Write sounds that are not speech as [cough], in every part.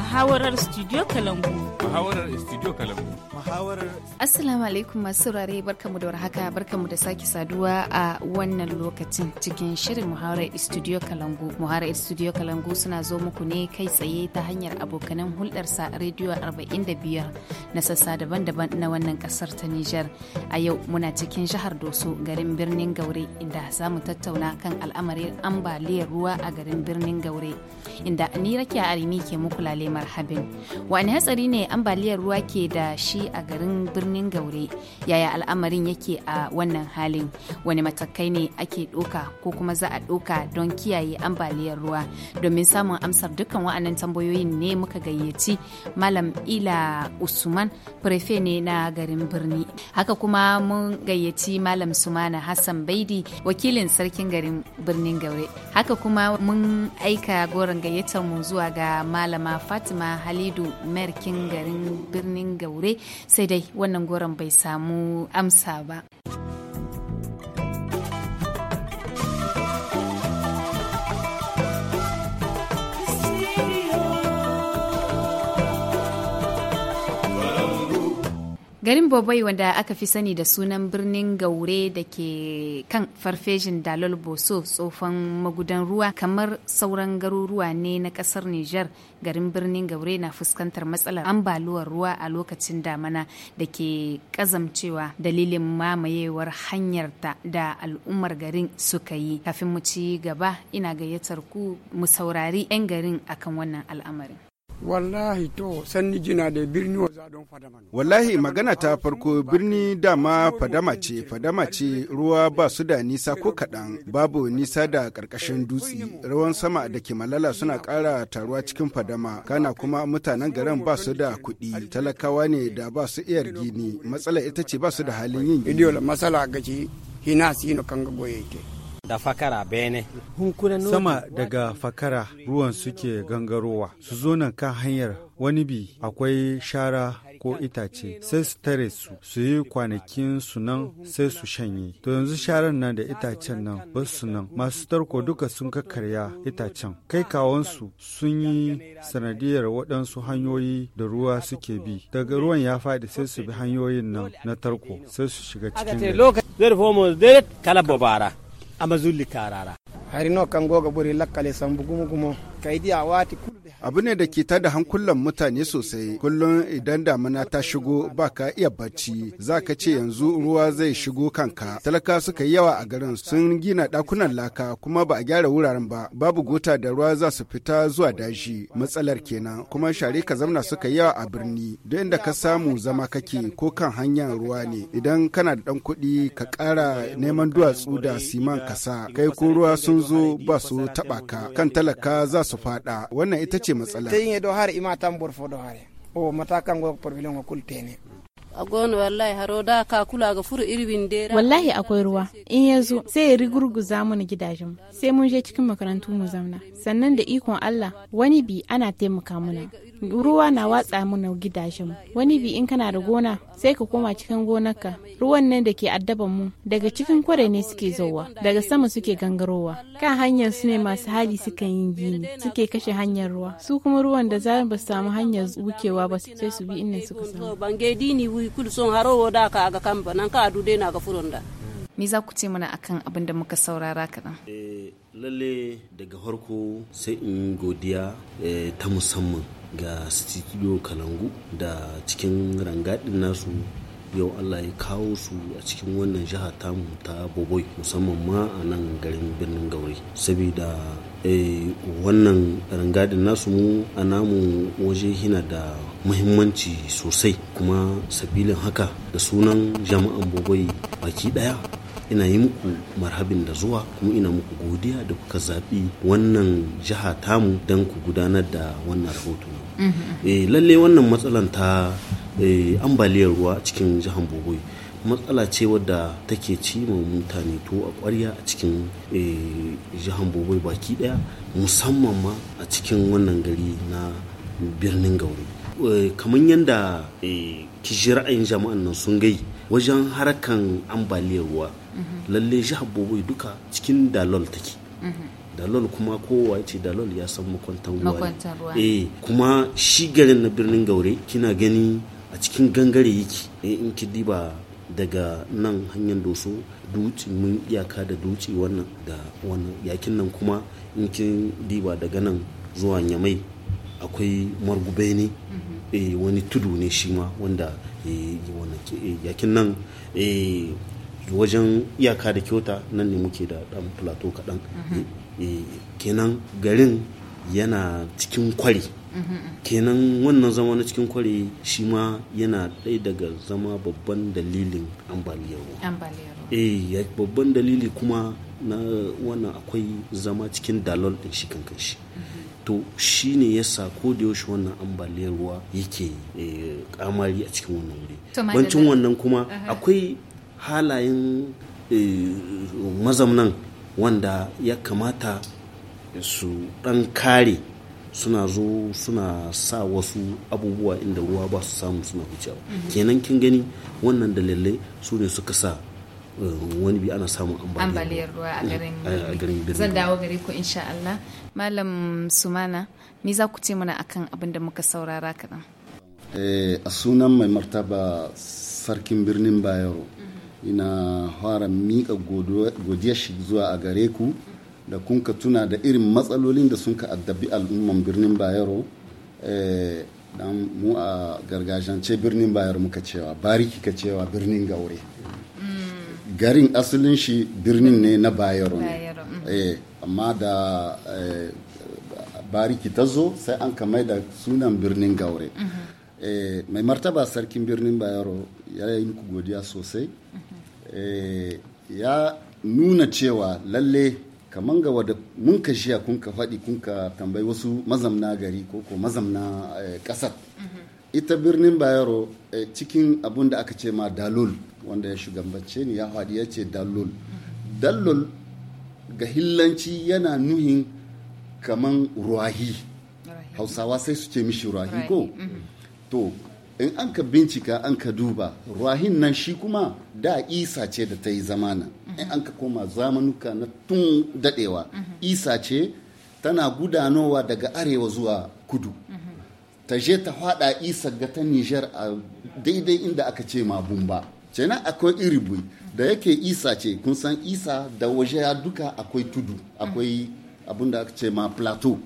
Muhawarar Studio Kalangu. Muhawarar Studio Kalangu. Assalamu alaikum masu saurare barkamu da warhaka barkamu da sake saduwa a wannan lokacin cikin shirin Muhawarar Studio Kalangu. Muhawarar Studio Kalangu suna zo muku ne kai tsaye ta hanyar abokanan hulɗar sa rediyo 45 na sassa daban-daban na wannan kasar ta Nijar. A yau muna cikin jihar Doso garin birnin Gaure inda za mu tattauna kan al'amarin ambaliyar ruwa a garin birnin Gaure inda ni Rakiya Arimi ke muku lale marhabin wani hatsari ne ambaliyar ruwa ke da shi a garin birnin gaure yaya al'amarin yake a wannan halin wani matakai ne ake ɗoka ko kuma za a ɗoka don kiyaye ambaliyar ruwa domin samun amsar dukkan wa'annan tambayoyin ne muka gayyaci malam ila usman prefe ne na garin birni haka kuma mun gayyaci malam sumana hassan baidi wakilin sarkin garin birnin gaure haka kuma mun aika goron gayyatar mu zuwa ga malama fatima halidu merkin garin birnin gaure sai dai wannan goron bai samu amsa ba Garin Bobai wanda aka fi sani da sunan birnin Gaure da ke kan farfejin Dalol Boso tsofan magudan ruwa kamar sauran garuruwa ne na kasar Nijar garin birnin Gaure na fuskantar matsalar ambaluwar ruwa a lokacin damana da ke kazamcewa dalilin mamayewar hanyar ta da al'ummar garin suka yi. Kafin mu ci gaba ina gayyatar ku mu saurari 'yan garin akan wannan al'amarin. wallahi to sanni jina da birni wa don fadama wallahi magana ta farko birni dama fadama ce fadama ce ruwa ba su da nisa ko kaɗan babu nisa da ƙarƙashin dutse Ruwan sama da ke malala suna ƙara taruwa cikin fadama kana kuma mutanen garin ba su da kuɗi talakawa ne da ba su iya gini matsala ita ce ba su da halin yin gini. matsala da fakara bene sama daga fakara ruwan suke gangarowa su zo nan kan hanyar wani bi akwai shara ko itace sai su tare su su yi kwanakin su nan sai su shanye to yanzu sharan nan da itacen nan ba su nan masu tarko duka sun kakarya itacen kai kawansu sun yi sanadiyar waɗansu hanyoyi da ruwa suke bi daga ruwan ya faɗi sai su bi hanyoyin nan na tarko sai su shiga cikin gari amazuli karara harino kangoga buri lakkale sambugumugumo gumo kaydi a wati kul abu ne da ke tada hankulan mutane sosai kullum idan damina ta shigo ba ka iya barci. za ka ce yanzu ruwa zai shigo kanka talaka suka yi yawa a garin sun gina dakunan laka kuma ba a gyara wuraren ba babu gota da ruwa za su fita zuwa daji matsalar kenan kuma share ka zamna suka yi yawa a birni duk inda ka samu zama kake ko kan hanyar ruwa ne idan kana da dan kuɗi ka ƙara neman duwatsu da siman kasa kai ko ruwa sun zo ba su taɓa ka kan talaka za su faɗa wannan ita ce ce matsala yin do har ima tambur fo do hare o matakan go problem ko ne agon wallahi haro ka kula ga furu irwin dera wallahi akwai ruwa in ya zo sai ya rigurguza na gidajen sai mun je cikin makarantu mu zauna sannan da ikon Allah wani bi ana taimaka mana ruwa na watsa muna gidajen wani bi in kana da gona sai ka koma cikin gonarka ruwan nan da ke addaban mu daga cikin kware ne suke zowa daga sama suke gangarowa kan hanyar su ne masu hali suka yi gini suke kashe hanyar ruwa su kuma ruwan da za ba su samu hanyar wukewa ba sai su bi inda suka samu wi kul da haro ka aga kamba nan ka dude na ga furonda me za ku ce mana akan abin da muka saurara kaɗan? Eh, lalle daga harko sai in godiya eh, ta musamman ga studio kalangu da cikin rangadin nasu yau allah ya kawo su a cikin wannan jiha tamu ta boboi musamman ma a nan garin birnin gauri saboda eh, wannan rangadin nasu mu a namu waje hina da muhimmanci sosai kuma sabilin haka da sunan jama'an bogoyi baki daya ina yi muku marhabin da zuwa kuma ina muku godiya da kuka zaɓi wannan jiha tamu don ku gudanar da wannan rahoto e, lalle wannan matsalan ta eh, ambaliyar ruwa cikin jihar bogoi matsala ce wadda take ci ma mutane to a kwarya a cikin e, jihar bogoi baki daya musamman ma a cikin wannan gari na birnin gauri Eh, kamar yadda eh. ki ji ra'ayin jama'an nan sun gai wajen harakan ambaliyar ruwa mhm. lalle jihar boboi duka cikin dalol take mhm. dalol kuma kowa ce dalol ya san makwantan ruwa eh kuma shi garin na birnin gaure kina gani a cikin gangare yake eh, in ki diba daga nan hanyar doso duci mun iyaka da duci wannan da wannan yakin nan kuma in kin diba daga nan zuwa nyamai akwai margube ne mhm. Eh, wani tudu ne shi ma wanda eh, eh, yakin nan wajen iyaka da kyauta nan ne muke da dan plato kaɗan mhm. kenan garin yana cikin kwari kenan wannan zama na cikin kwari shi ma yana ɗaya daga zama babban dalilin ambaliyar eh babban dalili kuma na wannan akwai zama cikin dalol ɗin shi kankan shi to shine sa ko da yaushe wannan ambaliyar ruwa yake eh, kamari a cikin wannan wuri bancin wannan kuma akwai halayen eh, mazamnan wanda ya kamata su dan kare suna zo suna sa wasu abubuwa inda ruwa ba su samu suna wucewa mhm. kenan kin gani wannan dalilai su ne suka sa eh, wani bi ana samun ambaliyar ruwa a garin birnin zan dawo gare ku insha Allah Malam Sumana, ni za ku ce mana akan abin da muka saurara kaɗan? Eh, a sunan mai martaba sarkin birnin Bayero, mhm. ina fara miƙa godiya shi zuwa a gare ku da kun tuna da irin matsalolin da sun ka addabi al'umman birnin Bayero. Eh, dan mu a gargajance birnin bayar muka cewa bariki ka cewa birnin gaure mm. garin asalin shi birnin ne na bayero ne mm. eh, amma da eh, bariki ta zo sai an kamai da sunan birnin gaure mhm. eh, mai martaba sarkin birnin bayero ya yi muku godiya sosai mhm. eh, ya nuna cewa lalle kamar ga wadda mun ka shiya kun ka faɗi kun ka tambayi wasu mazamna gari ko ko mazamna ƙasar mhm. ita birnin bayero cikin abun da aka ce ma dalol wanda ya shugabance ni ya faɗi ya ce dalol dalol ga hillanci yana nuhin kaman ruwahi hausawa sai su ce mishi ruwahi ko mhm. to in an ka bincika an ka duba ruwahin nan shi kuma da isa ce da ta yi zamana mhm. in an ka koma zamanuka na tun dadewa mhm. isa ce tana gudanowa daga arewa zuwa kudu ta je ta hada isa ga ta nijar a daidai inda aka ce ma bumba kenan akwai iribui da yake isa ce kun san isa da waje ya duka akwai tudu akwai abinda aka ce ma plateau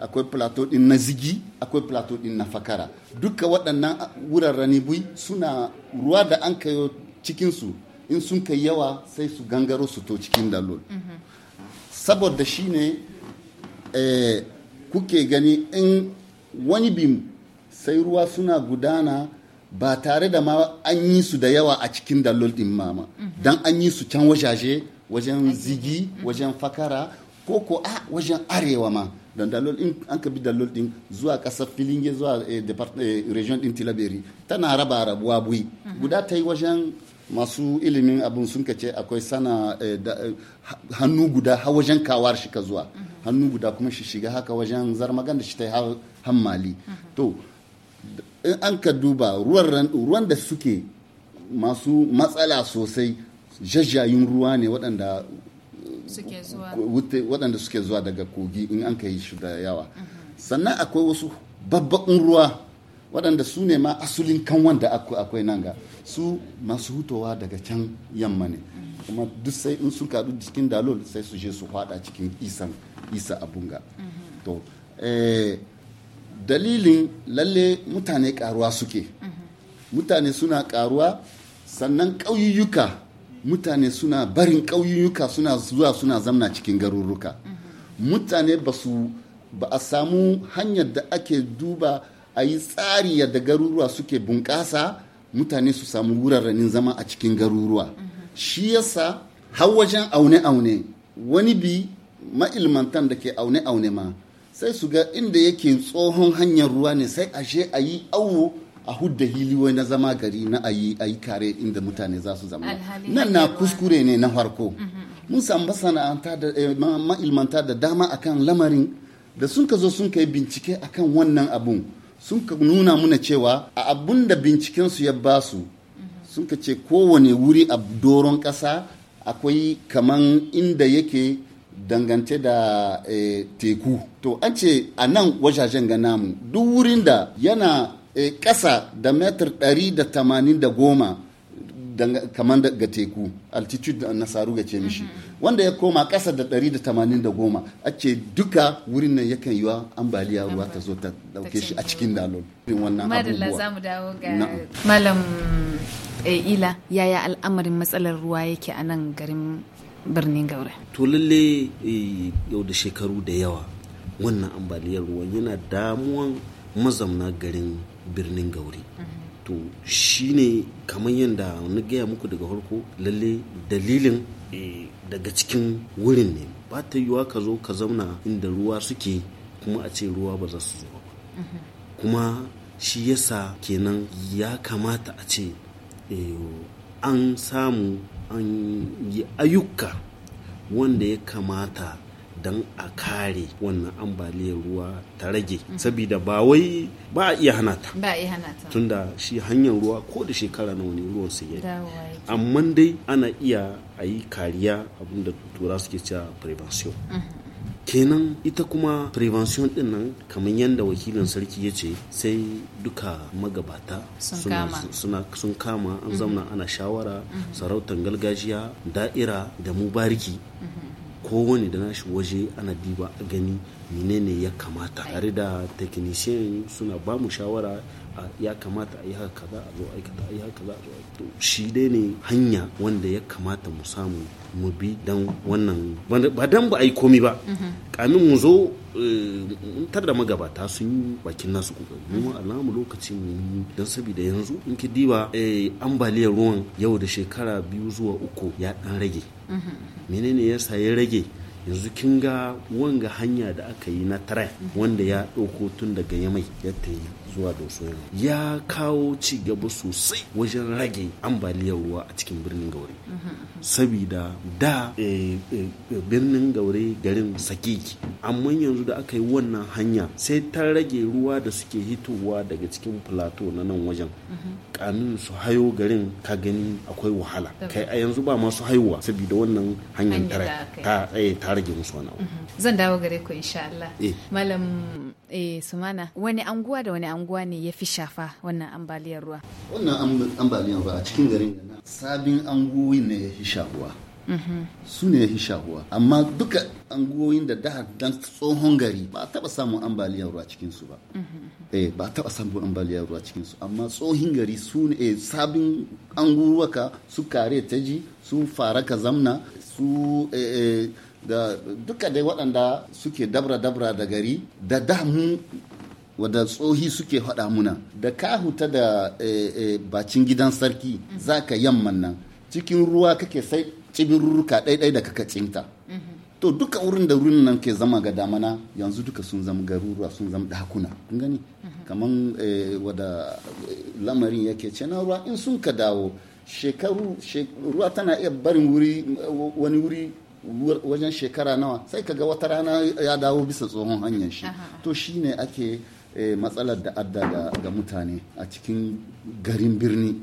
akwai plateau din na zigi akwai plateau din na fakara duka waɗannan wuraren bui suna ruwa da an kayo cikinsu in sun kai yawa sai su gangaro su to cikin dalol saboda shi ne eh, kuke gani in wani bim sai ruwa suna gudana ba tare da ma an yi su da yawa a cikin dalol din mama dan an yi su can wajaje wajen zigi mm-hmm. wajen fakara ko ko a wajen arewa ma don dalol din an ka bi dalol din zuwa kasar filinge zuwa eh, eh, region din tilaberi tana raba rabuwa bui mm-hmm. guda ta yi wajen masu ilimin abin sun ce akwai sana eh, hannu guda ha wajen kawar shi ka zuwa mm-hmm. hannu guda kuma shi shiga haka wajen zarmagan da shi ta yi hammali to in an ka duba ruwan da suke masu matsala sosai jajjayin ruwa ne waɗanda waɗanda suke zuwa daga kogi in an ka yi shi da yawa sannan akwai wasu babban ruwa waɗanda su ne ma asulin kanwan da akwai nan ga su masu hutowa daga can yamma ne kuma duk sai in sun kaɗu cikin dalol sai su je su faɗa cikin isan isa abunga to eh, dalilin lalle mutane karuwa suke mutane suna karuwa sannan ƙauyuka mutane suna barin ƙauyuka suna zuwa suna zamna cikin garuruka mutane ba su ba a samu hanyar da ake duba a yi tsari yadda garuruwa suke bunƙasa mutane su samu wuraren zama a cikin garuruwa shi yasa har wajen aune-aune wani bi ma'ilmantan da ke aune-aune ma sai su ga inda yake tsohon hanyar ruwa ne sai ashe a yi awo a hudda hili na zama gari na a yi kare inda mutane za su zama nan na kuskure ne na farko mm-hmm, mm-hmm. mun samu masana'anta da eh, ma'ilmanta da dama akan lamarin da sun ka zo sun kai bincike akan wannan abun sun ka nuna muna cewa a abun da bincikensu ya ba su mm-hmm. sun ka ce kowane wuri a doron ƙasa akwai kaman inda yake dangance da eh, teku to an ce a nan wajajen ga namu duk wurin da yana eh, ƙasa da metar 180 da tamanin da goma kamar ga teku altitude na ga ce mishi mm-hmm. wanda ya koma ƙasa da 180 da tamanin da goma duka wurin nan yakan yiwa ambaliya ruwa ta zo ta dauke shi a cikin dalol wannan abubuwa za mu dawo malam eh, ila yaya al'amarin matsalar ruwa yake a nan garin birnin gaure to lalle eh, yau da shekaru da yawa wannan ambaliyar ruwan yana damuwan mazamna garin birnin gauri to shine kamar yadda na gaya muku daga farko lalle dalilin eh, daga cikin wurin ne ba ta yiwuwa ka zo ka zauna inda ruwa suke kuma a ce ruwa ba za su zo ba kuma shi yasa kenan ya kamata a ce eh, an samu an yi ayyuka wanda ya kamata don a kare wannan ambaliyar ruwa ta rage mm. saboda ba a iya hana ta ba a iya hana ta tunda shi hanyar ruwa ko da shekara na wani ruwan su yi amma dai ana iya a yi kariya abinda tura suke cewa prevention mm. kenan ita kuma prevention din nan kamar yadda wakilin sarki ya ce sai duka magabata sun kama an mhm. zauna ana shawara mhm. sarautar galgajiya da'ira da mubariki mhm. kowane da nashi waje ana diba gani menene ya kamata tare da technician suna bamu shawara ya kamata a yi haka kaza a zo aikata a yi haka kaza a zo aikata shi dai ne hanya wanda ya kamata mu samu mu bi dan wannan ba dan ba a yi komi ba mm-hmm. kamin mu zo eh, tar da magabata sun yi bakin nasu kokari mu alamu lokaci mu dan saboda yanzu in ki diba eh, ambaliyar ruwan yau da shekara biyu zuwa uku ya dan rage mm-hmm. menene yasa ya rage yanzu kin ga wanga hanya da aka yi na tara mm-hmm. wanda ya ɗauko tun daga yamai ya ta yi zuwa doso ya kawo ci gaba sosai wajen rage ambaliyar ruwa a cikin birnin gaure sabida da eh, eh, birnin gaure garin sakiki amma yanzu da aka yi wannan hanya sai ta rage ruwa da suke hitowa daga cikin plateau na nan wajen kanun su hayo garin ka gani akwai wahala kai a yanzu ba masu haihuwa saboda wannan hanyar eh, ta rage musu wani zan dawo gare ku insha Allah malam eh sumana wani anguwa da wani anguwa ne ya fi shafa wannan ambaliyar ruwa wannan ambaliyar ruwa a cikin garin na. sabin anguwoyi ne ya fi shafuwa mm-hmm. su ne ya fi shafuwa amma duka anguwoyin da dahar dan tsohon gari ba taba samun ambaliyar ruwa cikin su ba mm-hmm. eh ba taba samun ambaliyar ruwa cikin su amma tsohin gari su ne eh, sabin anguwaka su kare taji su fara ka zamna su eh, eh, da duka dai waɗanda suke dabra-dabra da gari da damu wadda tsohi suke haɗa muna da ka huta da eh, eh, bacin gidan sarki za ka yamman nan cikin ruwa kake sai cibirurruka ɗaiɗai da kaka cinta to duka wurin da wurin nan ke zama ga damana yanzu duka sun zama garuruwa sun zama dakuna kun gani kamar eh, wadda lamarin yake ce na ruwa in sun ka dawo shekaru ruwa tana iya barin wuri wani wuri wajen shekara nawa sai ka ga wata rana ya dawo bisa tsohon hanyar shi to shine ake eh, matsalar da adda ga mutane a cikin garin birni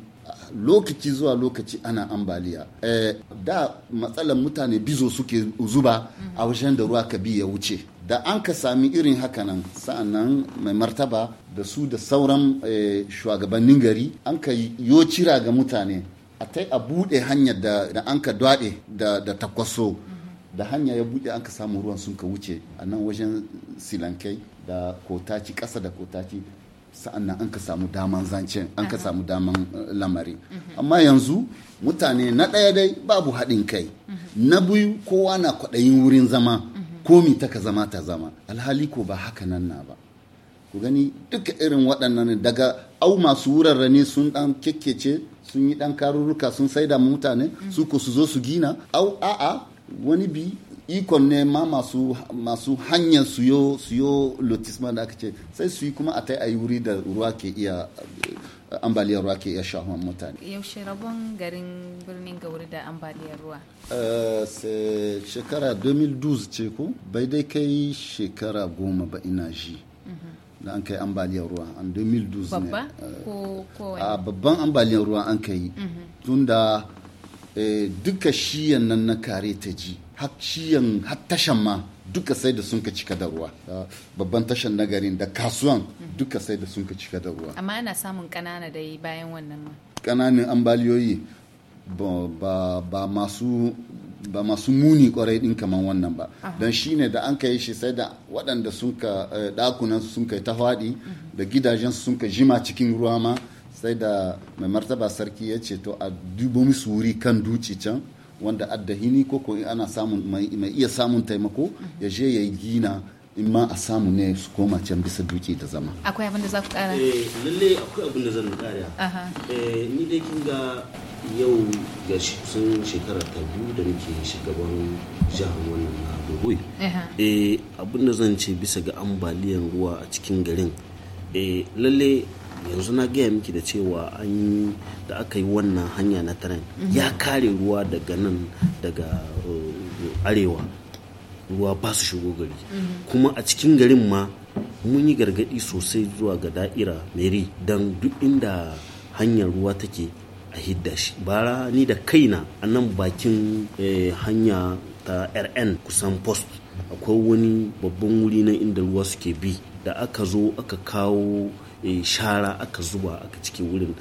lokaci zuwa lokaci ana ambaliya eh, da matsalar mutane bizo suke zuba a wajen da ruwa ka bi ya wuce da an ka sami irin hakanan sa'annan mai martaba da su da sauran eh, shugabannin gari an ka yo cira ga mutane a tai a buɗe hanyar da an ka dwaɗe da takwaso da hanya ya buɗe an ka samu ruwan sun ka wuce a nan wajen silankai da kotaci ƙasa da kotaci sa'an nan an ka samu daman zancen an ka samu daman eh, lamari mhm. amma yanzu mutane na ɗaya dai babu haɗin kai mhm. na biyu kowa na kwaɗayin wurin zama mhm. komi ta ka zama ta zama alhali ko ba haka nan na ba ku gani duka irin waɗannan daga au masu wurarrani sun ɗan kekkece sun yi ɗan karurruka sun saida mutane su ko su zo su gina au a'a wani bi ikon ne ma masu masu hanyar suyo suyo lotisma da aka ce sai su yi kuma a tai yi wuri da ruwa ke iya ambaliyar ruwa ke iya shahuwan mutane yaushe rabon garin birnin gauri da ambaliyar ruwa eh, shekara 2012 ce ko bai dai kai shekara goma ba ina ji mhm. da an kai ambaliyar ruwa an 2012 ne babban ambaliyar ruwa an kai mhm. tun da Eh, duka shiyan nan na kare ta ji shiyan har tashan ma duka sai da sun ka cika da ruwa babban tashan na garin da kasuwan duka sai da sun ka cika da ruwa amma ana samun kanana da yi bayan wannan ma kananin ambaliyoyi ba masu muni kwarai din kaman wannan ba don shi ne da an ka yi shi sai da waɗanda sun ka dakunan eh, sun ka yi ta faɗi mhm. da gidajen sun ka jima cikin ruwa ma sai da mai martaba sarki ya ce to a dubo musu wuri kan duci can wanda addahini ko ko ana samun mai iya samun taimako ya je ya gina in ma a samu ne su koma can bisa duki ta zama akwai abin da za ku kara eh lalle akwai abin da zan kara eh ni dai kin ga yau ga sun shekara ta biyu da nake shugaban jihar wannan na Bogoi eh abin da zan ce bisa ga ambaliyan ruwa a cikin garin eh lalle yanzu na gaya miki da cewa an yi da aka yi wannan hanya na tren ya mhm. kare ruwa daga nan daga uh, arewa ruwa ba su shigo gari mhm. kuma a cikin garin ma mun yi gargadi sosai zuwa ga da'ira meri don duk inda hanyar ruwa take a hidda shi bara ni da kaina a nan bakin eh, hanya ta rn kusan post akwai wani babban wuri na inda ruwa suke bi da aka zo aka kawo shara aka zuba aka ciki wurin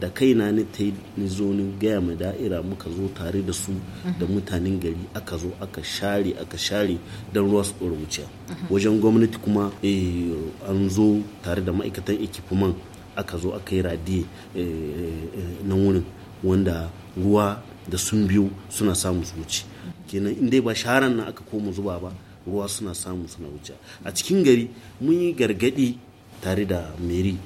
da kaina ni ta yi ni gaya ma da'ira muka zo tare da su da mutanen gari aka zo aka share aka share don ruwa su ɗora wuce wajen gwamnati kuma eh, an zo tare da ma'aikatan ekipuman aka zo aka yi radiye eh, na wurin wanda ruwa da sun biyu suna samun su wuce kenan in dai ba sharan nan aka koma zuba ba ruwa suna samun suna wuce a cikin gari mun yi gargadi tare da meri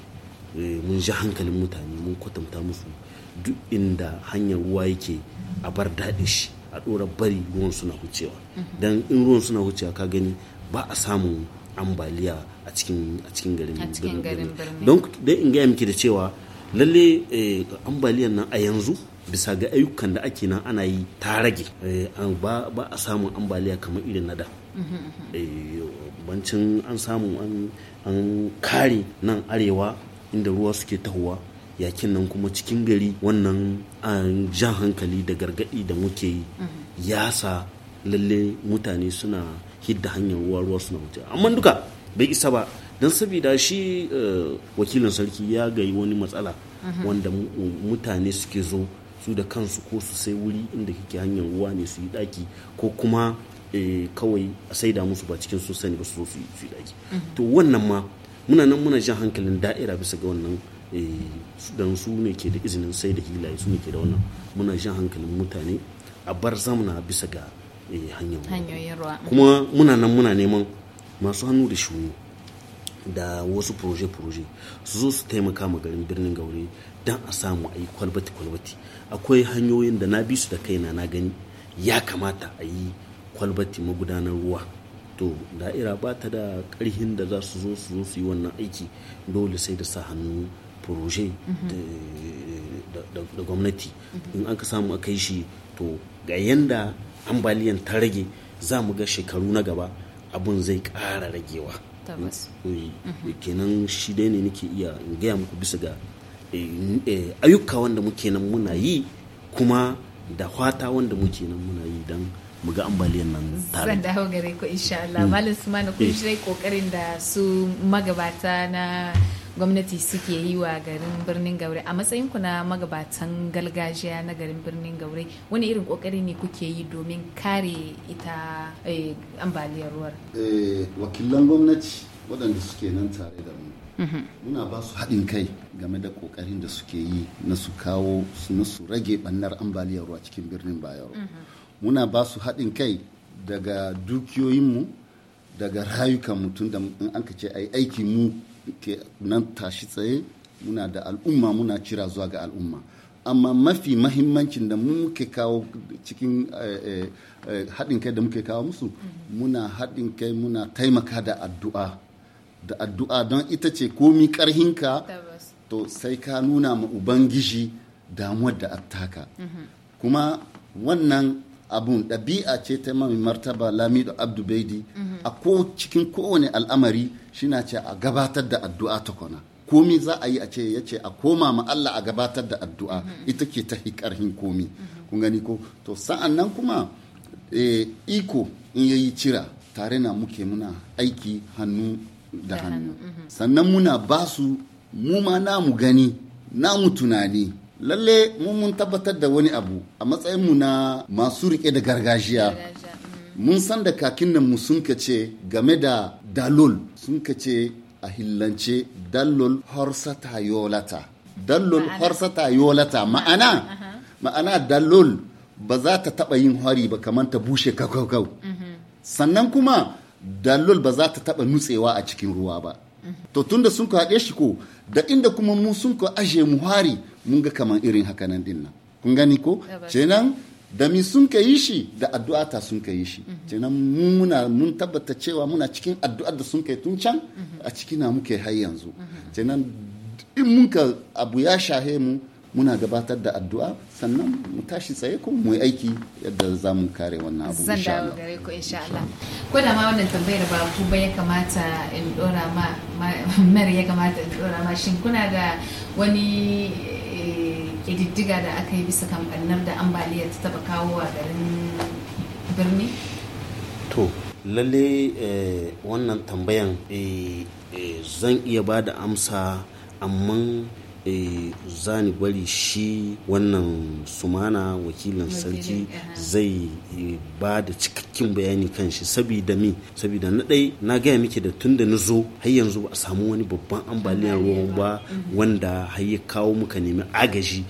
eh, mun ji hankalin mutane mun kwatanta musu duk inda hanyar ruwa yake a bar daɗe shi a ɗora bari ruwan suna wucewa mhm. don in ruwan suna wucewa ka gani ba a samun ambaliya a cikin a cikin garin don dai in gaya miki da cewa lalle eh, ambaliyan nan a yanzu bisa ga ayyukan da ake nan ana yi ta rage eh, ba a samun ambaliya kamar irin na da mhm, mhm. bancin an samu an kare nan arewa inda ruwa suke tahowa yakin nan kuma cikin gari wannan an jan hankali da gargadi da muke yi mhm. ya sa lalle mutane suna hidda hanyar ruwa ruwa suna wuce amma duka bai isa ba don saboda shi eh, wakilin sarki ya gayi wani matsala mhm. wanda mutane suke zo su da kansu ko su sai wuri inda kike hanyar ruwa ne su yi daki ko kuma Eh, kawai a saida musu ba cikin sun sani ba su zo su yi to wannan ma muna nan muna jan hankalin da'ira bisa ga wannan eh, dan su ne ke da izinin sai da hilaye su ne ke da wannan muna jan hankalin mutane a bar zamana bisa ga eh, hanyoyin ruwa mm. kuma muna nan muna neman masu hannu da shuni da wasu proje-proje su zo su taimaka ma garin birnin gauri dan a samu a yi kwalbati-kwalbati akwai hanyoyin da na bi su da kaina na gani ya kamata a yi kwalbati magudanar ruwa to da'ira ba ta da karhin da za su zo su zo su yi wannan aiki dole sai da sa hannu proje mhm. da gwamnati in an ka samu a kai shi to ga yanda ambaliyan ta rage za mu ga shekaru na gaba abun zai ƙara ragewa mm, eh, mhm. kenan shi dai ne nake iya gaya muku bisa ga eh, eh, ayyuka wanda muke nan muna yi kuma da fata wanda muke nan muna yi don mu ga ambaliyan nan tare zan dawo gare ku insha Allah mm. malam usman kun shi eh. kokarin da su magabata na gwamnati suke yi wa garin birnin gaure a matsayin ku na magabatan galgajiya na garin birnin gaure wani irin kokari ne kuke yi domin kare ita eh, ambaliyar ruwar eh, wakilan gwamnati waɗanda suke nan tare da mu mm-hmm. muna ba su haɗin kai game da kokarin da suke yi na su kawo su rage ɓannar ambaliyar ruwa cikin birnin bayero mm-hmm. muna ba su haɗin kai daga dukiyoyinmu daga rayukan mutum da in an ce a aiki mu ke nan tashi tsaye muna da al'umma muna cira zuwa ga al'umma amma mafi mahimmancin da muke kawo cikin eh, eh, eh, haɗin kai da muke kawo musu muna haɗin kai muna taimaka da addu'a da addu'a don ita ce komi ƙarhinka to sai ka nuna ma ubangiji damuwar da attaka mhm. kuma wannan abun ɗabi'a ce ta mami martaba lamido abdu baidi a ko cikin kowane al'amari shina ce a gabatar da addu'a ta kwana komi za a yi a ce ya ce a koma ma Allah a gabatar da addu'a ita ke ta hikarhin komi kun gani ko to sa'an nan kuma eh, iko in yi cira tare na muke muna aiki hannu da hannu mhm. sannan muna basu mu ma namu gani namu tunani lalle mun mun tabbatar da wani abu a matsayin mu na masu riƙe da gargajiya mm. mun san da kakin nan mu sun kace game da dalol sun ce a hillance dalol horsata yolata dalol horsata yolata ma'ana ma'ana dalol ba za ta taba yin hari ba kamar ta bushe kakau mm-hmm. sannan kuma dalol ba za ta taɓa nutsewa a cikin ruwa ba to tunda sun ka haɗe shi ko da inda kuma mu sun ka aje mu hari mun ga kaman irin haka nan din nan kun gani ko kenan da mi sun ka yi shi da addu'a ta sun ka yi shi mhm. kenan mu muna mun tabbata cewa muna cikin addu'ar da sun kai tun can mhm. a ciki na muke har yanzu mhm. kenan in mun ka abu ya shahe mu muna gabatar da addu'a sannan mu tashi tsaye ko mu yi aiki yadda za mu kare wannan abu zan dawo gare ku insha Allah ko da ma wannan tambayar ba ku ba ya kamata in dora ma [laughs] mar ya kamata in dora ma shin kuna da wani kididdiga eh, da aka yi bisa kamfanin da ambaliya ta taba kawo a garin birni to lalle eh, wannan tambayan eh, zan iya ba da amsa amma Eh, za ni bari shi wannan sumana wakilin sarki eh. zai eh, ba da cikakken bayani kan shi saboda mi saboda na dai na gaya miki da tun da na zo har yanzu ba a samu wani babban ambaliyar ruwan ba mhm. wanda har ya kawo muka nemi agaji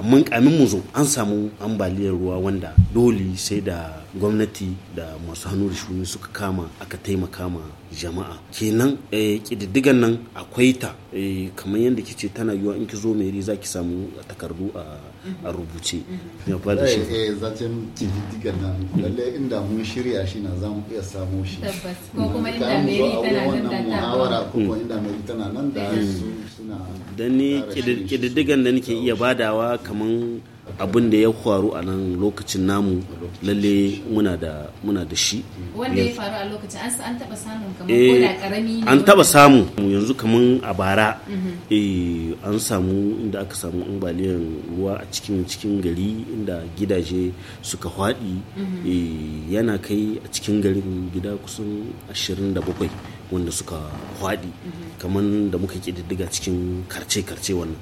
amma kamin mu zo an samu ambaliyar ruwa wanda dole sai da gwamnati da masu hannu da shuni suka kama aka taimaka ma jama'a kenan eh, ƙididdigan nan akwai ta eh, kamar yadda kice tana yiwa in ki zo mai za ki samu takardu a rubuce mhm. ya ba da shi zaten ƙididdigan nan lalle inda mun shirya shi na za mu iya samu shi ko kuma inda mai tana nan ko mm. inda mai tana nan da mm. su suna dan ni ƙididdigan da nake iya badawa kamar abin da ya faru a nan lokacin namu lalle muna da shi wanda ya faru a lokacin an taba samun kamar eh, ko karami an taba samu yanzu kamar a bara mhm. eh, an samu inda aka samu ambaliyar ruwa a cikin cikin gari inda gidaje suka hwadi mhm. eh, yana kai a cikin garin gida kusan 27 wanda suka kwaɗi kamar da muka kididdiga cikin karce-karce wannan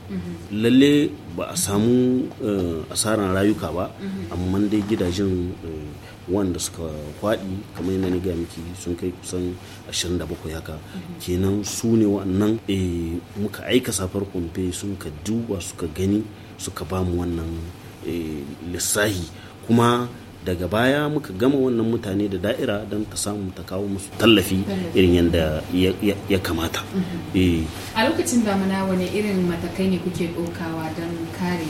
lalle ba a samu eh, asaran rayuka ba amma dai gidajen eh, wanda suka kwaɗi kamar yana ga miki sun kai kusan 27 haka kenan su ne wannan eh, muka aika safar kumfe sun ka duba suka gani suka bamu wannan lissahi kuma daga baya muka gama wannan mutane da da'ira don ta samu ta kawo musu tallafi irin yadda ya kamata mhm. eh. a lokacin damana wani irin matakai ne kuke ɗaukawa don kare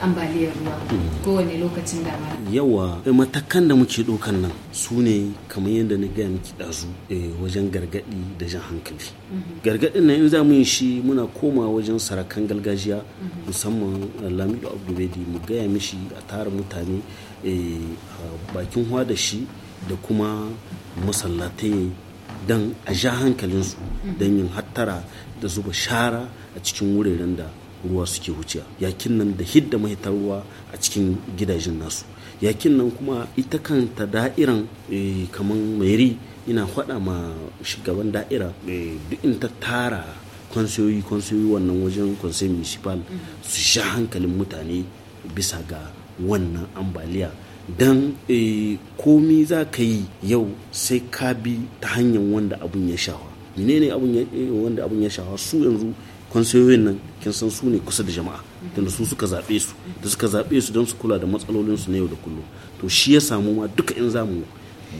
ambaliyar ruwa mhm. kowane lokacin damana yawa eh, matakan da muke ɗaukan nan su ne kamar yadda na gaya miki ɗazu eh, wajen gargaɗi da jan hankali mhm. gargaɗin nan in za mu yi shi muna koma wajen sarakan galgajiya musamman lamido abdubedi mu gaya mishi a tara mutane Eh, bakin hwa da shi da kuma masallatai don a ja hankalinsu don yin hattara da zuba shara a cikin wuraren da ruwa suke wuciya yakin nan da hidda mahitar ruwa a cikin gidajen nasu yakin nan kuma ita kanta da'iran eh, kamar mairi ina faɗa ma shugaban da'ira eh, duk in ta tara kwansiyoyi kwansiyoyi wannan wajen kwansiyoyi municipal su sha hankalin mutane bisa ga wannan ambaliya don eh, komi za ka yi yau sai ka bi ta hanyar wanda abun ya shawa menene eh, wanda abun ya shawa su yanzu kwansiyoyin nan kin san su ne kusa da jama'a don su suka zaɓe su da suka zaɓe su don su kula da matsalolinsu na yau da kullum to shi ya samu ma duka in zamu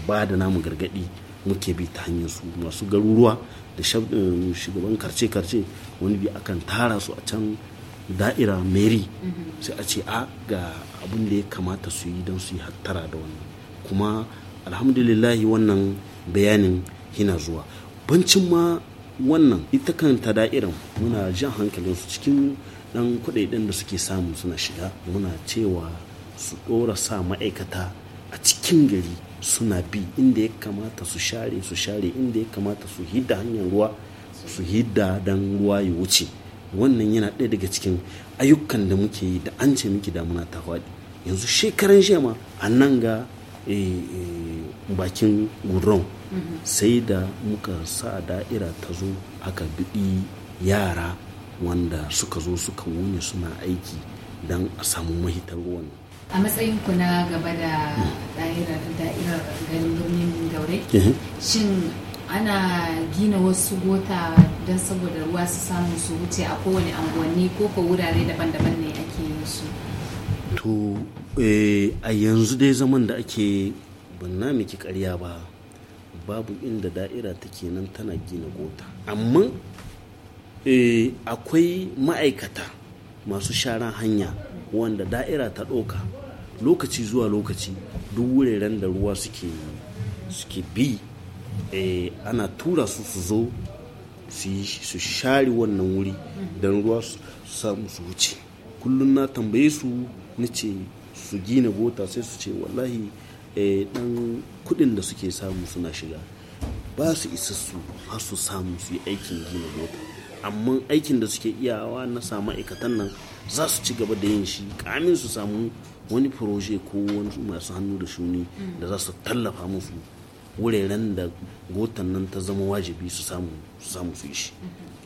ba da namu gargaɗi muke bi ta hanyar su masu garuruwa da eh, shugaban karce-karce wani bi akan tara su a can da'ira meri sai a ce a ga abin da ya kamata su yi don su yi hattara da wannan kuma alhamdulillahi wannan bayanin hina zuwa bancin ma wannan ita ta da'irin muna jan hankalin su cikin dan kudaden da suke samu suna shiga muna cewa su dora sa ma'aikata a cikin gari suna bi inda ya kamata su share su share inda ya kamata su hidda hanyar ruwa su hidda dan ruwa ya wuce wannan yana ɗaya daga cikin ayyukan da muke yi da an ce muke damuna ta faɗi yanzu shekaran jiya ma a nan ga eh, eh, bakin gudron sai da muka sa da'ira ta zo aka biɗi yara wanda suka zo suka wuni suna aiki don a samu mahitar ruwan a matsayin ku na gaba da hmm. da'irar ganin birnin daure eh. shin ana gina wasu gota don saboda ruwa su samu su wuce a kowane anguwanni ko ko wurare daban-daban ne ake yin su to eh, a yanzu dai zaman da ake banna miki karya ba babu inda da'ira ta kenan tana gina gota amma eh, akwai ma'aikata masu sharan hanya wanda da'ira ta ɗauka lokaci zuwa lokaci duk wuraren da ruwa suke bi Eh, ana tura su su zo su share wannan wuri don ruwa su samu su wuce kullum na tambaye su na ce su gina bota sai su ce wallahi dan eh, kudin da suke samu suna shiga ba su isa su har su samu su yi aikin gina bota amma aikin da suke iyawa na samu ma'aikatan nan za su ci gaba da yin shi kamin su samu wani proje ko wani masu hannu da shuni da za su tallafa musu wuraren da gotan nan ta zama wajibi su samu su samu su shi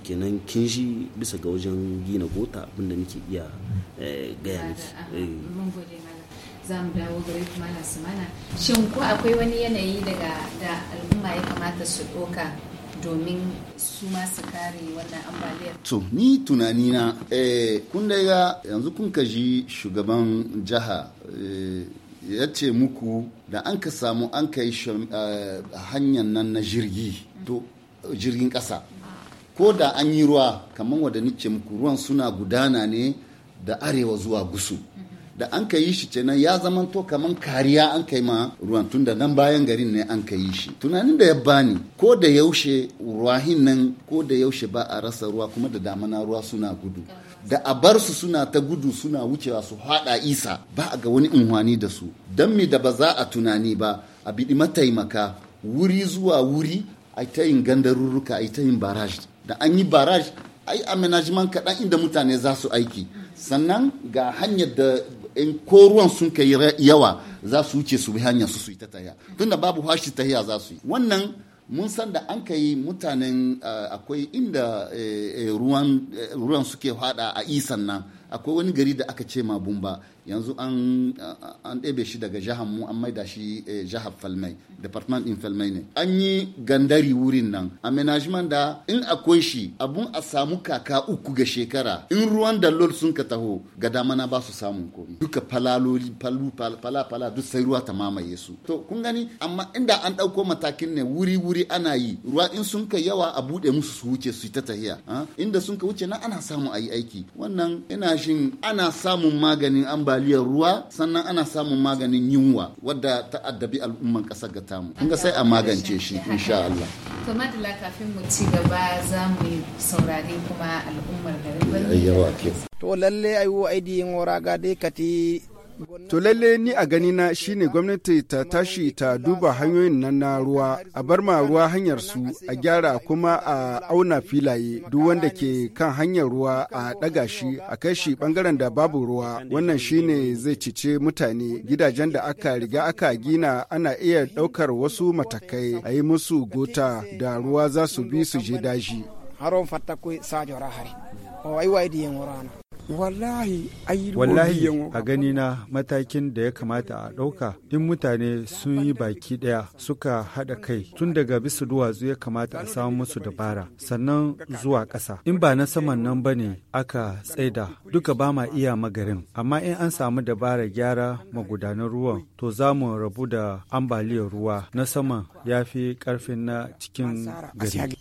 kenan kin shi bisa ga wajen gina gota abinda nake iya eh, gaya miki eh. za dawo gare ku malam sumana shin ko akwai wani yanayi daga da al'umma ya kamata su doka domin su masu kare wannan ambaliyar? To, ni tunanina, eh, kun ga yanzu kun kaji shugaban jiha eh, ya ce muku da an ka samu an ka yi eh, hanyar nan na jirgi to jirgin ƙasa ko da an yi ruwa kamar wadda nice muku ruwan suna gudana ne da arewa zuwa gusu da an ka yi shi kenan ya zama to kamar kariya an kai ma ruwan tun da nan bayan garin ne an ka yi shi tunanin da ya bani ko da yaushe ruwahin nan ko da yaushe ba a rasa ruwa kuma da damana ruwa suna gudu da a bar su suna ta gudu suna wucewa su haɗa isa ba a ga wani unhwani da su don mi da ba za a tunani ba a biɗi mataimaka wuri zuwa wuri a ta yin gandarurruka a ta yin baraj da an yi baraj a a amenajiman kaɗan inda mutane za su aiki sannan ga hanyar da in ko ruwan sun kai yawa za su wuce su bi hanyar su su yi ta tahiya tunda babu hashi tahiya za su yi wannan mun san da an ka mutanen eh, akwai inda eh, eh, ruwan suke hada a isan nan akwai wani gari da aka ce ma bumba yanzu an ɗebe shi daga jihar mu an maida shi eh, jihar falmai department ɗin falmai ne an yi gandari wurin nan amenajman da in akwai shi abun a samu kaka uku ga shekara in ruwan dalol sun ka taho ga damana ba su samun komi duka falaloli falu fala fala duk sai ruwa ta mamaye su to kun gani amma inda an ɗauko matakin ne wuri wuri ana yi ruwa in sun ka yawa a buɗe musu su wuce su ta tahiya ah, inda sun ka wuce na ana samu a yi aiki wannan ina shin ana samun maganin amba ambaliyar ruwa sannan ana samun maganin yunwa wadda ta addabi al'umman ƙasar ga tamu inga sai a magance shi insha Allah to madalla kafin mu ci gaba za mu saurari kuma al'ummar garin to lalle ayo aidi wara ga dai kati To lalle ni a gani na shine gwamnati ta tashi ta duba hanyoyin nan na ruwa a bar ma ruwa hanyar su a gyara kuma a auna filaye duk wanda ke kan hanyar ruwa a daga shi a kai shi bangaren da babu ruwa wannan shine zai cice mutane gidajen da aka riga aka gina ana iya daukar wasu matakai a yi musu gota da ruwa za su bi su je daji. Haron fatta wai diyan wurana. wallahi wallahi a gani na matakin da ya kamata a ɗauka in mutane sun yi baki ɗaya suka haɗa kai tun daga bisa duwatsu ya kamata a samu musu dabara sannan zuwa ƙasa in ba na saman nan ba ne aka tsaida duka ba ma iya magarin amma in an samu dabara gyara magudanar ruwan to za mu rabu da ambaliyar ruwa na saman ya fi ƙarfin na cikin gari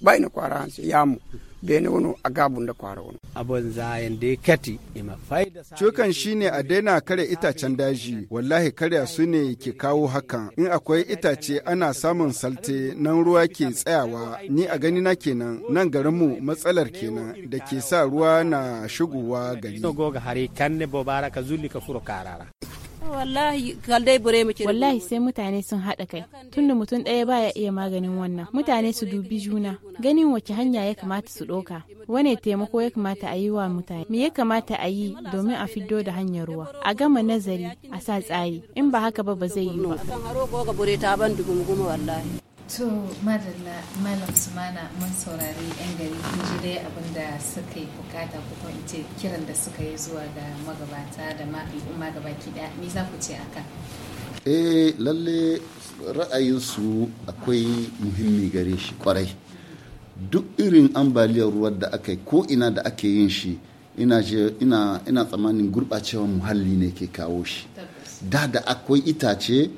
bene wani a gabun da kwara wani. Abin zayen da ya kati ima faida sa. Cokan shi ne a daina kare itacen daji wallahi karya su ne ke kawo hakan in akwai itace ana samun salte nan ruwa ke tsayawa ni a gani na kenan nan garin mu matsalar kenan da ke sa ruwa na shigowa gari. wallahi sai mutane sun haɗa kai tunda mutum ɗaya baya iya maganin wannan mutane su dubi juna ganin wace hanya ya kamata su ɗauka wane taimako ya kamata a yi wa mutane me ya kamata a yi domin a fiddo da hanyar ruwa a gama nazari a sa tsayi, in ba haka ba ba zai yi ba to madalla malam sumana mun saurari yan gari kun ji dai abin da suka yi bukata ko kuma ce kiran da suka yi zuwa ga magabata da ma al'umma gabaki daya me za ku ce akan eh lalle ra'ayinsu akwai muhimmi gare shi kwarai duk irin ambaliyar ruwa da aka yi ko ina da ake yin shi ina ina tsammanin gurɓacewar muhalli ne ke kawo shi da da akwai itace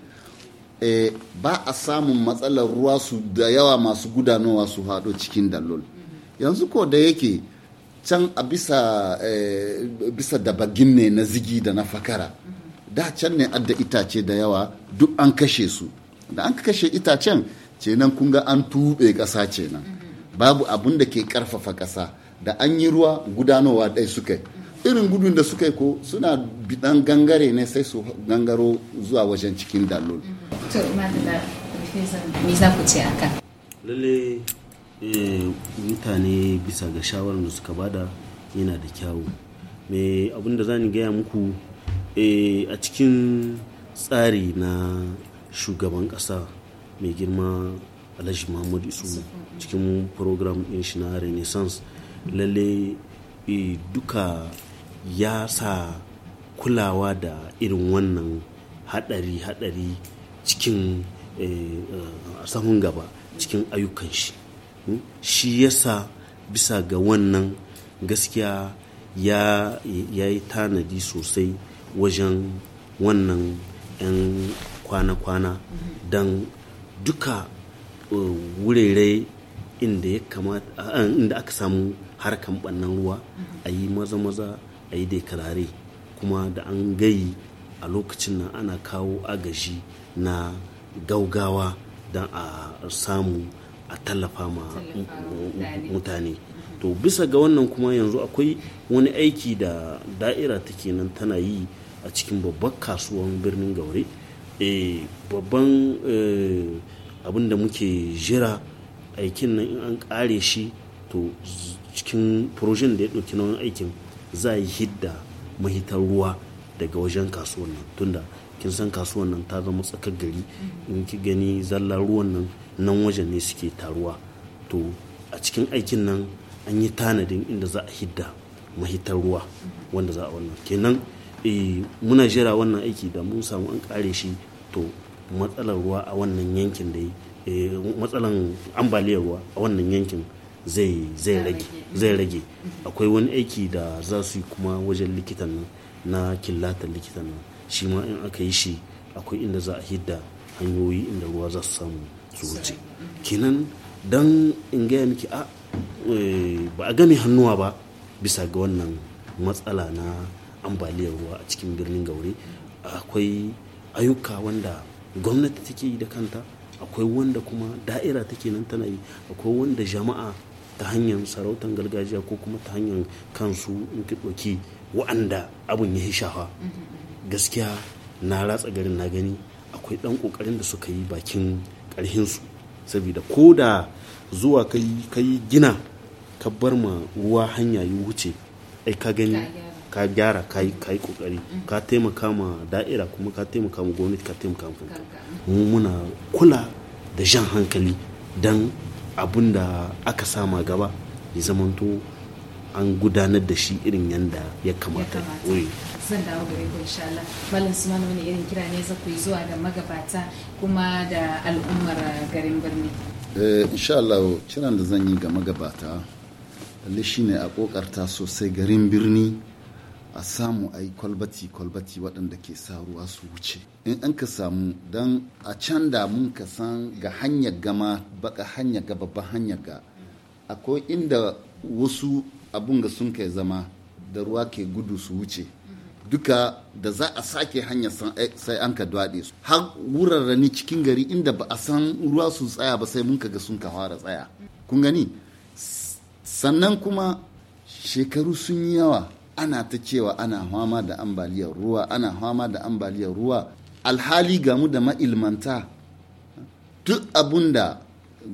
eh, ba a samun matsalar ruwa su da yawa masu gudanowa su haɗo cikin dalol yanzu ko da yake can a bisa, eh, da bisa ne na zigi da na fakara da can ne adda itace da yawa duk an kashe su da an kashe itacen kenan kun ga an tuɓe ƙasa kenan babu abun da ke ƙarfafa ƙasa da an yi ruwa gudanowa ɗai suka irin gudun da suka yi ko suna bidan gangare ne sai su gangaro zuwa wajen cikin dalol to me za ku ce akan lalle eh, mutane bisa ga shawarar da suka bada yana da kyawu me abin da zani gaya muku eh, a cikin tsari na shugaban ƙasa mai girma alhaji muhammadu isu cikin program inshina shi na renaissance lalle eh, duka ya sa kulawa da irin wannan hadari-hadari cikin eh, sahun gaba cikin ayyukan shi hmm? shi ya sa bisa ga wannan gaskiya ya yi tanadi sosai wajen wannan 'yan kwana-kwana don duka eh, wurare inda aka samu harkan bannan ruwa a yi maza-maza a yi deklarare kuma da an gayi a lokacin nan ana kawo agaji na gaugawa don a samu a tallafa ma mutane to bisa ga wannan kuma yanzu akwai wani aiki da da'ira ta kenan tana yi a cikin babban kasuwan birnin gaure eh, babban eh, abin da muke jira aikin nan in an kare shi to cikin furoshin da ya ɗauki nauyin aikin za a yi hidda mahitar ruwa daga wajen kasuwan nan tunda kin san kasuwan nan ta zama tsakar gari in ki gani zallar ruwan nan nan wajen ne suke taruwa to a cikin aikin nan an yi tanadin inda za a hidda mahitar ruwa wanda za a wannan kenan eh, muna jira wannan aiki da mun samu an kare shi to matsalar ruwa a wannan yankin da eh, matsalan ambaliyar ruwa a wannan yankin zai rage zai rage mm-hmm. akwai wani aiki da za su yi kuma wajen likitan nan na killatar likitan nan shi ma in aka yi shi akwai inda za a hidda hanyoyi inda ruwa za su samu su wuce mm-hmm. kenan don in gaya miki a eh, ba a game hannuwa ba bisa ga wannan matsala na ambaliyar ruwa a cikin birnin gaure akwai ayyuka wanda gwamnati take yi da kanta akwai wanda kuma da'ira take nan tana yi akwai wanda jama'a ta hanyar sarautar gargajiya ko kuma ta hanyar kansu in ka ɗauki wa'anda abin ya shafa gaskiya na ratsa garin na gani akwai ɗan ƙoƙarin da suka yi bakin ƙarhinsu saboda ko da zuwa ka yi gina ka bar ma ruwa hanya yi wuce ai ka gani ka gyara ka yi ƙoƙari mm. ka taimaka ma da'ira kuma ka taimaka ma gwamnati ka taimaka ma mu muna kula da jan hankali don abun da aka sama gaba ya zamanto an gudanar da shi irin yadda ya kamata zan dawo gare ku insha Allah malam su wani irin kira ne za ku yi zuwa da magabata kuma da al'ummar garin birni eh, insha Allah kiran da zan yi ga magabata shi shine a kokarta sosai garin birni a samu a yi kwalbati-kwalbati waɗanda ke sa ruwa su wuce in an ka samu don a can da mun ka san ga hanyar gama baka hanyar ga babban hanyar ga akwai inda wasu abun ga sun kai zama da ruwa ke gudu su wuce duka da za a sake hanyar eh, sai an ka dwaɗe su har wurarrani cikin gari inda ba a san ruwa su tsaya ba sai mun ka ga sun ka fara tsaya kun gani sannan kuma shekaru sun yi yawa ana ta cewa ana fama da ambaliyar ruwa ana fama da ambaliyar ruwa alhali gamu da ma'ilmanta duk abun da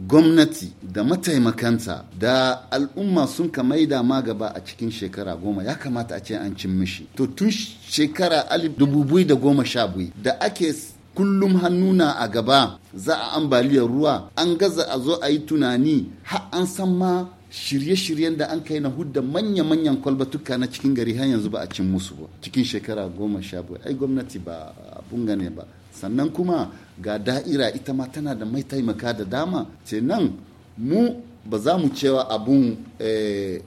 gwamnati da mataimakanta da al'umma sun ka maida ma gaba a cikin shekara goma ya kamata a ce an cin mishi to tun shekara alif dubu da goma sha biyu da ake kullum hannuna a gaba za a ambaliyar ruwa an gaza a zo a yi tunani har an san ma shirye-shiryen da an kai na hudda manya-manyan kwalbatuka na cikin gari har yanzu ba a cin musu ba cikin shekara goma sha biyu ai gwamnati ba abun gane ba sannan kuma ga da'ira ita ma tana da mai taimaka da dama ce nan mu ba za mu cewa abun eh,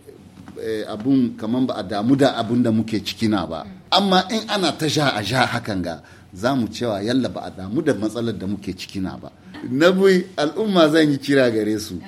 eh, kamar ba a damu da abun da muke ciki na ba amma in ana ta sha a sha hakan ga za mu cewa yalla ba a damu da matsalar da muke cikina ba na al'umma zan yi kira gare su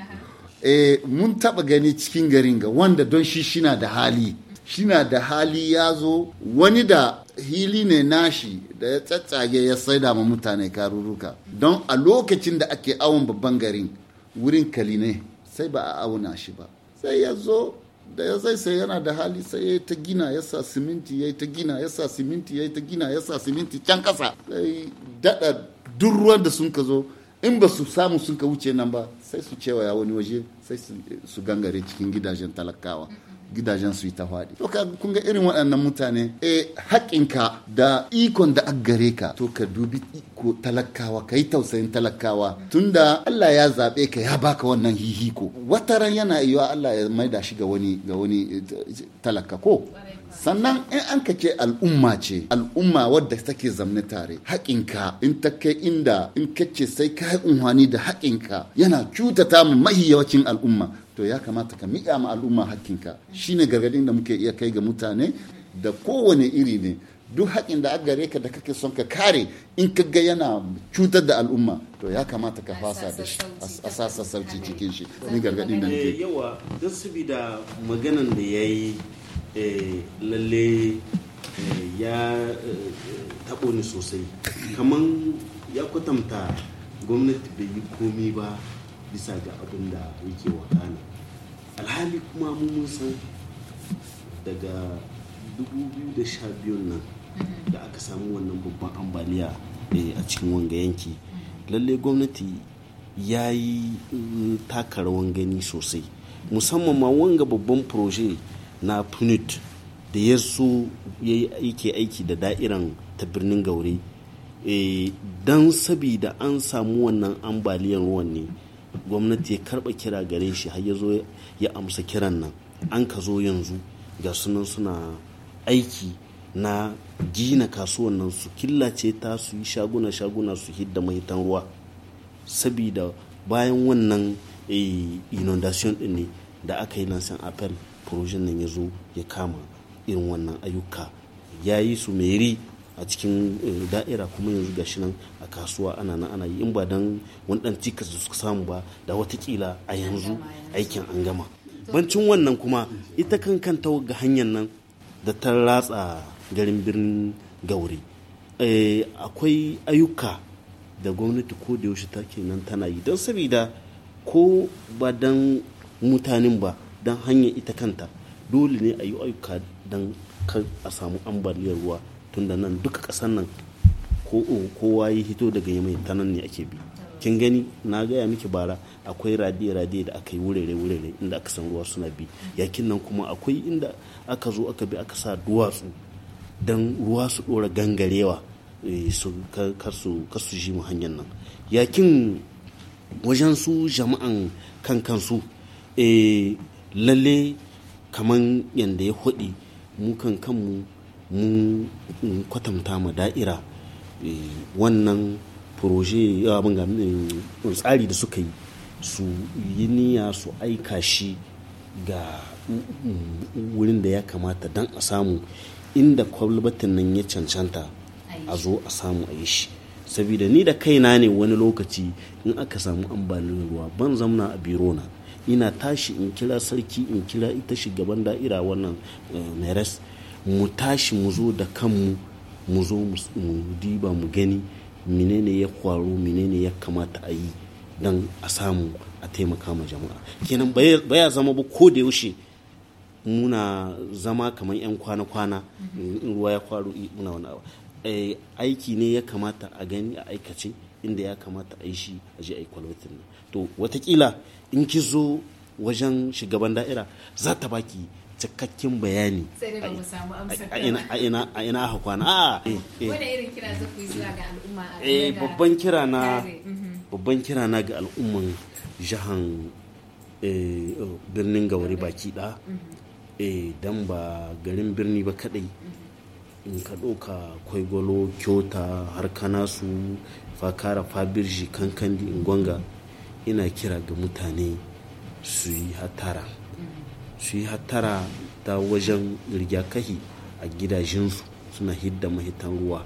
Eh, mun taba gani cikin garin ga wanda don shi shina da hali shina da hali ya zo wani da hili ne nashi da ya tsatsage ya saida ma mutane karuruka don a lokacin da ake awon babban garin wurin kali ne sai ba a auna shi ba sai ya zo da ya sai sai yana da hali sai ya ta gina ya sa siminti ya ta gina ya sa siminti ya ta gina ya sa siminti can kasa sai daɗa duk ruwan da sun ka zo in ba su samu sun ka wuce nan ba sai su cewa ya wani waje sai su gangare cikin gidajen talakawa gidajen su yi ta faɗi. To kun ga irin waɗannan mutane e eh, haƙinka da ikon da gare ka to ka dubi iko talakawa ka yi tausayin talakawa tunda Allah ya zaɓe ka ya baka wannan hihiko wataran yana iya Allah ya maida shi ga wani ga wani eh, talaka ko sannan in an ka ce al'umma ce al'umma wadda take zamne tare haƙinka in ta kai inda in ka ce sai ka yi unhwani da haƙinka yana cutata mu mahiyawacin al'umma to ya kamata ka miƙa ma al'umma haƙinka shine gargadin da muke iya kai ga mutane da kowane iri ne duk haƙin da aka gare ka da kake son ka kare in ka ga yana cutar da al'umma to ya kamata ka fasa da shi a sassa sarki cikin shi ni gargaɗin da nake eh, yawa don sabida maganan da ya yi. Eh, lalle eh, ya eh, taɓo ni sosai kamar ya kwatanta gwamnati bai yi komi ba bisa ga abin da yake wakana alhali kuma mun san daga 2012 nan da aka samu wannan babban ambaliya a cikin wanga yanki lalle gwamnati ya yi mm, taka rawan gani sosai musamman ma wanga babban proje na punit da ya so yake aiki da da'iran ta birnin gauri eh, don sabida an samu wannan ambaliyar ruwan ne gwamnati ya karba kira gare shi har ya zo ya amsa kiran nan an ka zo yanzu ga sunan suna aiki na gina kasuwan nan su killace ta su yi shaguna shaguna su hidda mahitan ruwa sabida bayan wannan eh, inundation ɗin ne da aka yi lansan apel furoshin nan ya zo ya kama irin wannan ayyuka ya yi su meri a cikin eh, da'ira kuma yanzu gashi nan a kasuwa ana nan ana yi in ba dan wani cikas da suka samu ba da watakila a yanzu aikin an gama bancin wannan kuma ita kan kanta ga hanyar nan da ta ratsa garin birnin gauri eh, akwai ayyuka da gwamnati ko da yaushe take nan tana yi don sabida ko ba dan mutanen ba don hanyar ita kanta dole ne a yi ayyuka don a samu ambaliyar ruwa tunda nan duka kasan nan kowa ya hito daga yamai ta nan ne ake bi kin gani na gaya miki bara akwai radiye radiye da aka yi wurare wurare inda aka san ruwa suna bi yakin nan kuma akwai inda aka zo aka bi aka sa duwatsu don ruwa su ɗora gangarewa eh, su kasu shi mu hanyar nan yakin wajen su jama'an kan kansu eh, lalle kamar yadda ya hudi mu kan kanmu mu kwatanta ma da'ira eh, wannan proje eh, tsari da suka yi su yi niyya su aika shi ga mm, wurin da ya kamata don a samu inda kwalbatin nan ya cancanta a zo a samu a yi shi saboda ni da kaina ne wani lokaci in aka samu ambalin ruwa ban zamna a biro na ina tashi in kira sarki in kira ita shugaban da'ira wannan eh, meres mu tashi mu zo da kanmu mu zo mu diba mu gani menene ya kwaro menene ya kamata a yi don a samu a taimaka ma jama'a kenan baya zama ba ko da yaushe muna zama kamar 'yan kwana-kwana in ruwa ya kwaro muna wani eh, aiki ne ya kamata a gani a aikace inda ya kamata a yi shi a je a kwalwatin nan to watakila in ki zo wajen shugaban da'ira za ta baki cikakken bayani a ina aka kwana a eh, eh. irin kira ga al'umma a eh, babban kira na mm-hmm. babban kira na ga al'umman jihan birnin gauri baki da mm-hmm. dan ba garin birni ba kadai mm-hmm. in ka ɗauka kwaigwalo kyota har kana su fakara fabirji kankandi ngwanga ina kira ga mutane su yi hatara su yi hatara ta wajen rigakahi a gidajensu suna hidda mahitan ruwa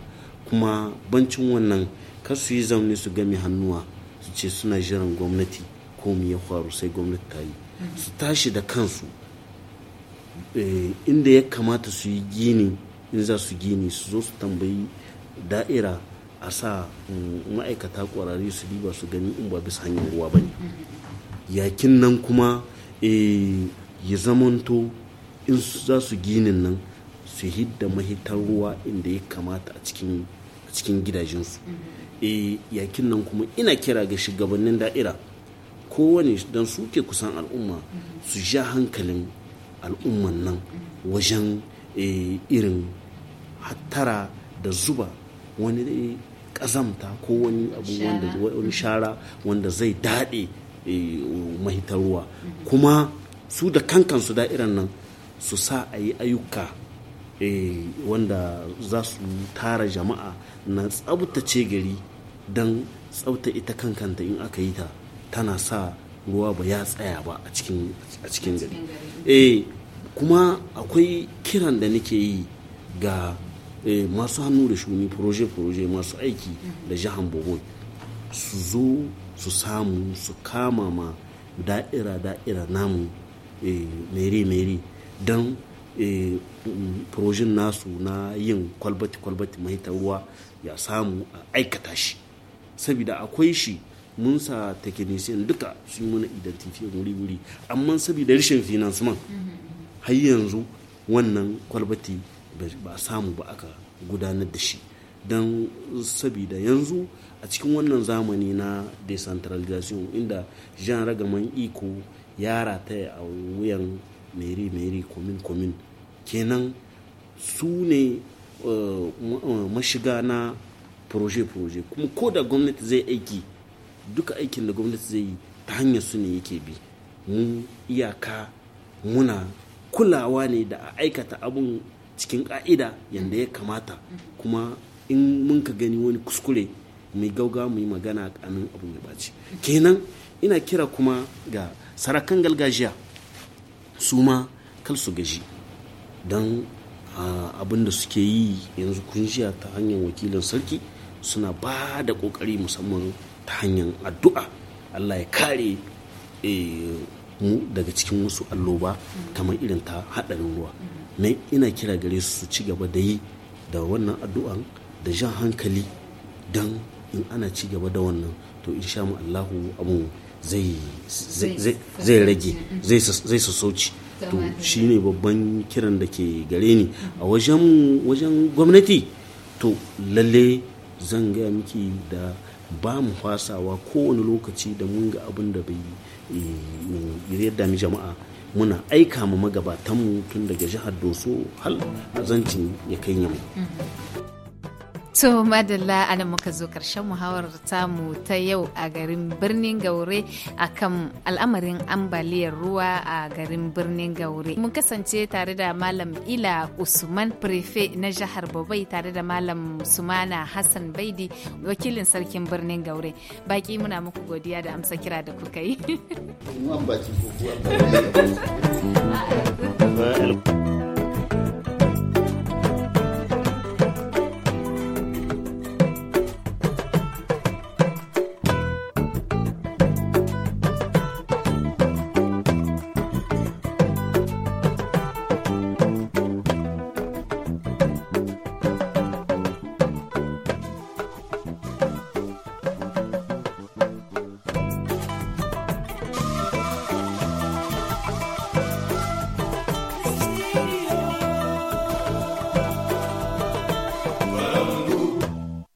kuma bancin wannan kar su yi zaune su gami hannuwa su ce suna jiran gwamnati ko ya faru sai gwamnati ta yi su tashi da kansu eh, inda ya kamata su yi gini in za su gini su zo su tambayi da'ira a sa mm, ma'aikata kwararri su diba su gani in ba bisa hanyar ruwa ba ne yakin nan kuma eh, ya zamanto in za su ginin nan su hidda mahitar ruwa inda ya kamata a cikin gidajensu eh, yakin nan kuma ina kira ga shugabannin da'ira kowane don suke kusan al'umma su ja hankalin al'umman nan wajen eh, irin hattara da zuba wani kazamta ko wani abu wanda wani mm-hmm. shara wanda zai daɗe eh, mahitarwa kuma su da kankansu da'iran nan su sa a yi ayyuka eh, wanda za su tara jama'a na tsabtace gari don tsabta ita kankanta in aka yi ta tana sa ruwa ba ya tsaya ba a cikin gari eh, kuma akwai kiran da nake yi ga Eh, masu hannu da shuni proje-proje masu aiki da jihan bohol su zo su samu su kama ma da'ira-da'ira namu mere-mere eh, don eh, projin nasu na yin kwalbati-kwalbati mai ruwa ya samu a aikata shi saboda akwai shi mun sa technician duka sun yi mana identifiyan wuri-wuri amma saboda rashin finansman har yanzu wannan kwalbati ba samu ba aka gudanar da shi don sabida yanzu a cikin wannan zamani na decentralization inda jean ragaman iko ya rataya a wuyan meri meri komin komin kenan su ne eh, mashiga na proje-proje kuma ko da gwamnati zai aiki duka aikin da gwamnati zai yi ta hanyar su ne yake bi mu iyaka muna kulawa ne da a aikata abun cikin ka'ida yadda ya kamata kuma in mun ka gani wani kuskure mai gauga mai magana a amin abin mai ɓaci kenan ina kira kuma ga sarakan galgajiya su ma kal su gaji don abin da suke yi yanzu jiya ta hanyar wakilin sarki suna ba da ƙoƙari musamman ta hanyar addu'a allah ya kare eh, mu daga cikin wasu alloba kamar irin ta haɗarin ruwa na ina kira gare su ci gaba da yi da wannan addu'an da jan hankali don in ana ci gaba da wannan to insha mu Allahu abu zai rage zai sassauci to shi ne babban kiran da ke gare ni a wajen gwamnati to lalle zan gaya miki da ba mu fasawa kowane lokaci da mun ga abin da bai eh, yadda mi jama'a muna aika mu magabatanmu tun daga jihar doso hal zancin ya kai yamu To madalla anan muka zo karshen muhawar tamu ta yau a garin birnin gaure akan al'amarin ambaliyar ruwa a garin birnin gaure. Mun kasance tare da Malam Ila Usman Prefe na jihar Babai tare da Malam Sumana Hassan Baidi wakilin sarkin birnin gaure. Baki muna muku godiya da amsa kira da kuka yi. [laughs]